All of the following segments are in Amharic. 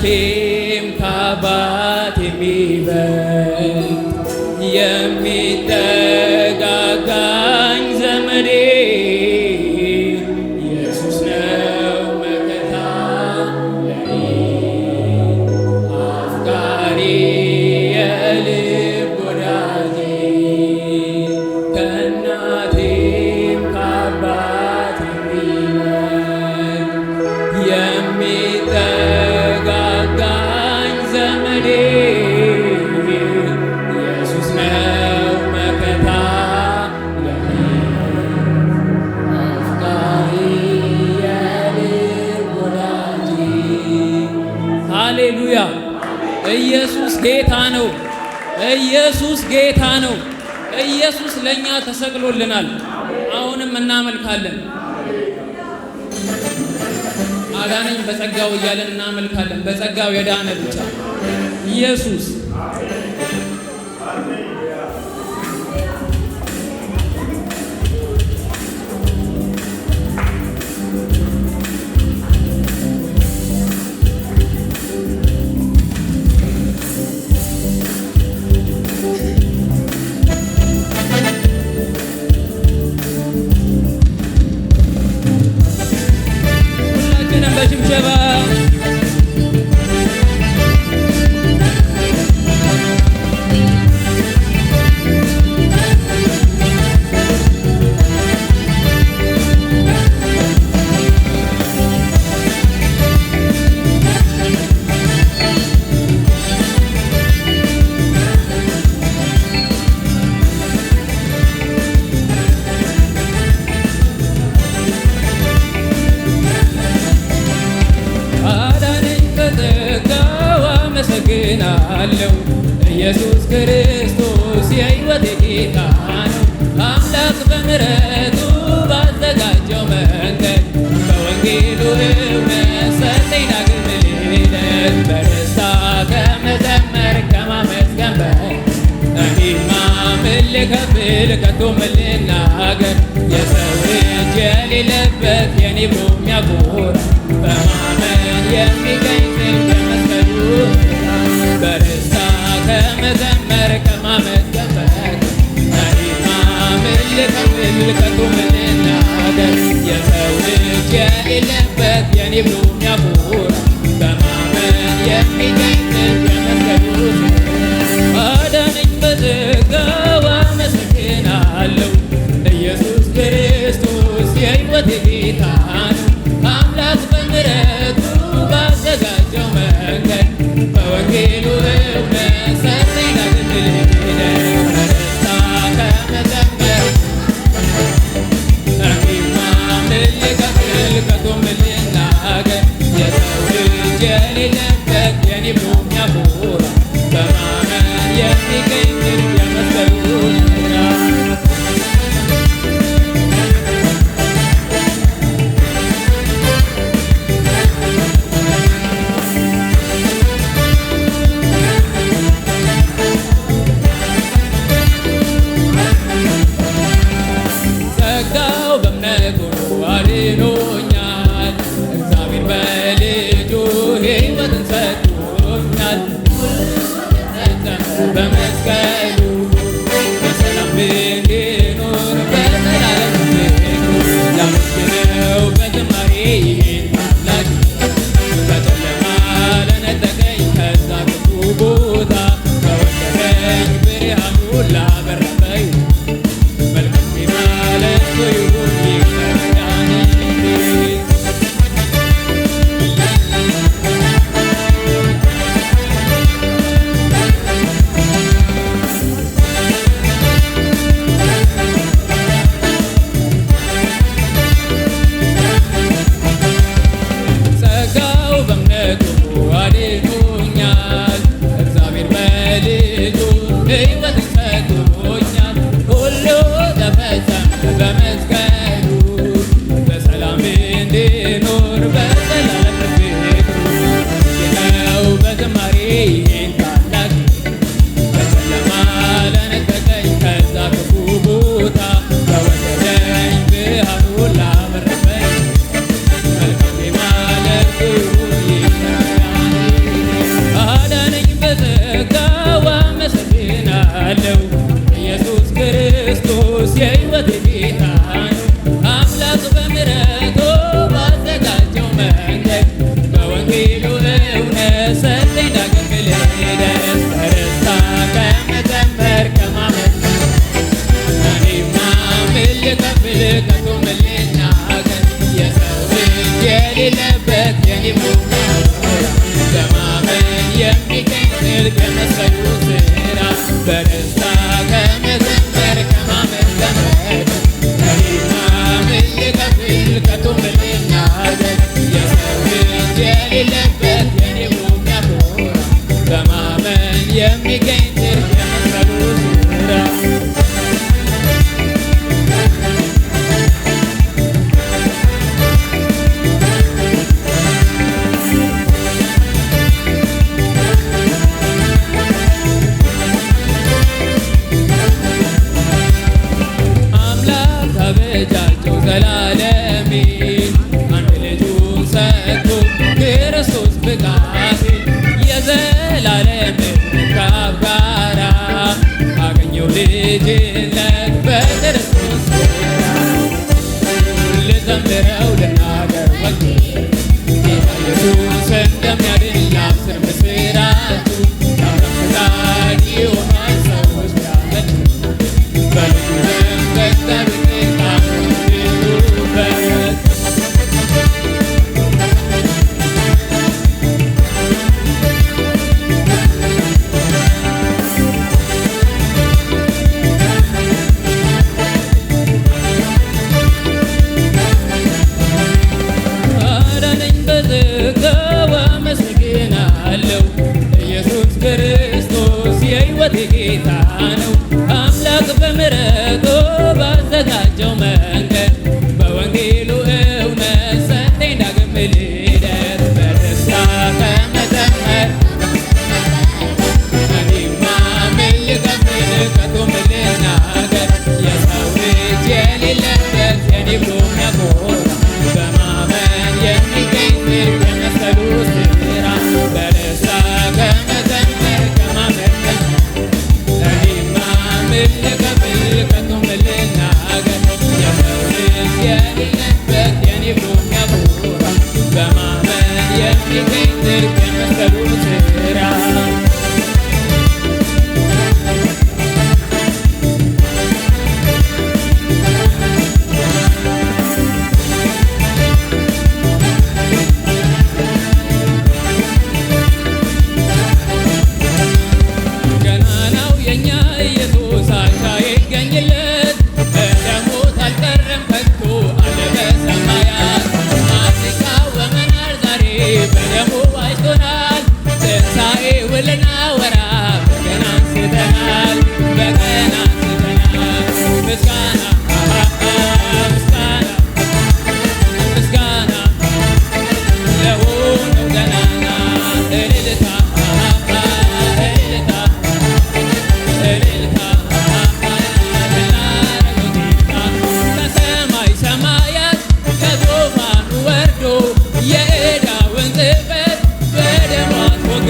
Yatim kabati mi ben Yamita ኢየሱስ ጌታ ነው። ኢየሱስ ለእኛ ተሰቅሎልናል። አሁንም እናመልካለን። አዳነኝ በጸጋው እያለን እናመልካለን። በጸጋው የዳነ ብቻ ኢየሱስ nam bashim sheva አለው ኢየሱስ ክርስቶስ የሕይወቴ ጌታ ነው። አምላክ በምሕረቱ ባዘጋጀው መንገድ በወንጌሉ እውነት ሰጠኝ ዳግም ልደት በደስታ ከመዘመር ከማመስገን እኔማ ምን ልከፍል ከቶ ምን ልናገር የሰው እጅ የሌለበት የኔ ብሎ የሚያኮራ በማመን የሚገ ሲጠሩ ምንና ሀገር የሰው ልጅ የሌለበት የኔ ብሎ የሚያኮራ በማመን የሚገኝን የመስቀሉ አዳነኝ በጸጋው አመሰግናለሁ ኢየሱስ ክርስቶስ የሕይወቴ ጌታ የሌለበት የኔ ለማመን የሚገኝ your lady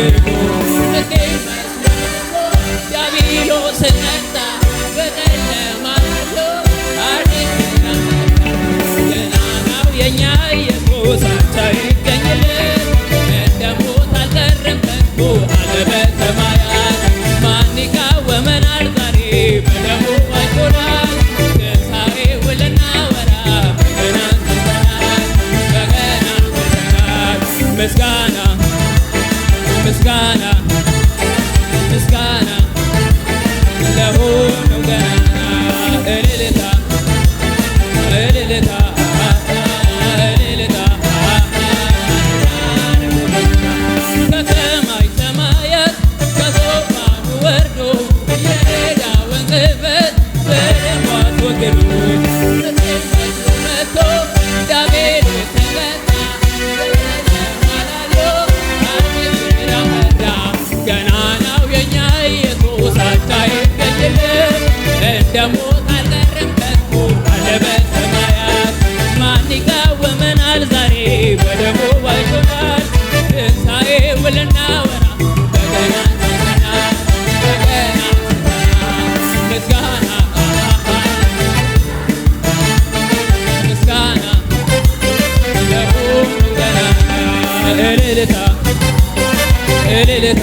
chegou. ምስጋና እልልታ እልልታ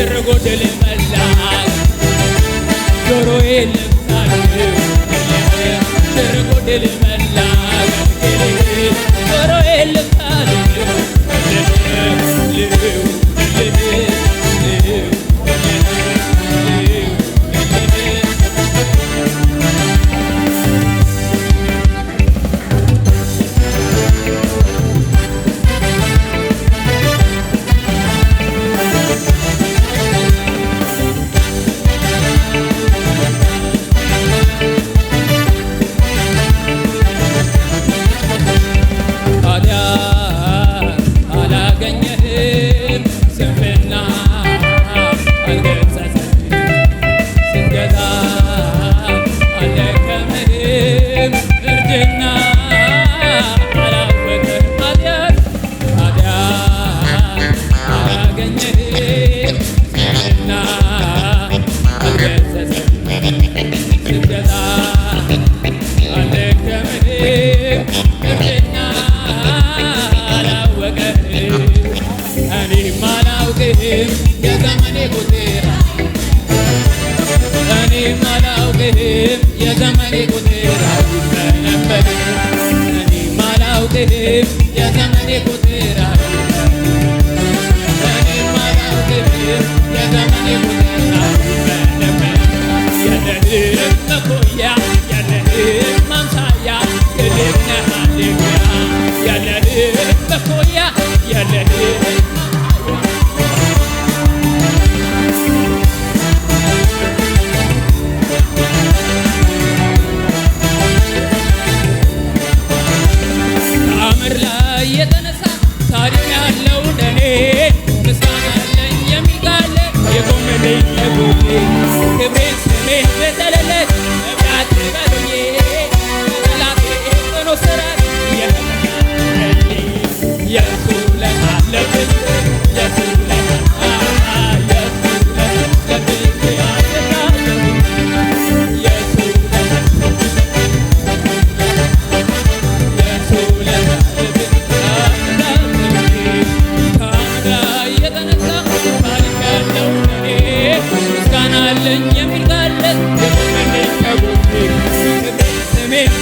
ከክር ጎድል መላክ ጆሮዬ ልብሳችሁ ክር ጎድል መላክ የኔ ቁጥር አውቀ ነበር እኔ ማላውቅህም የዘመኔ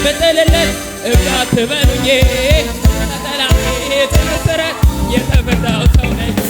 ብጥልለት እብድ አትበሉኝ፣ ጠላቴ የተመሰረት የተበዳው ሰው ነኝ።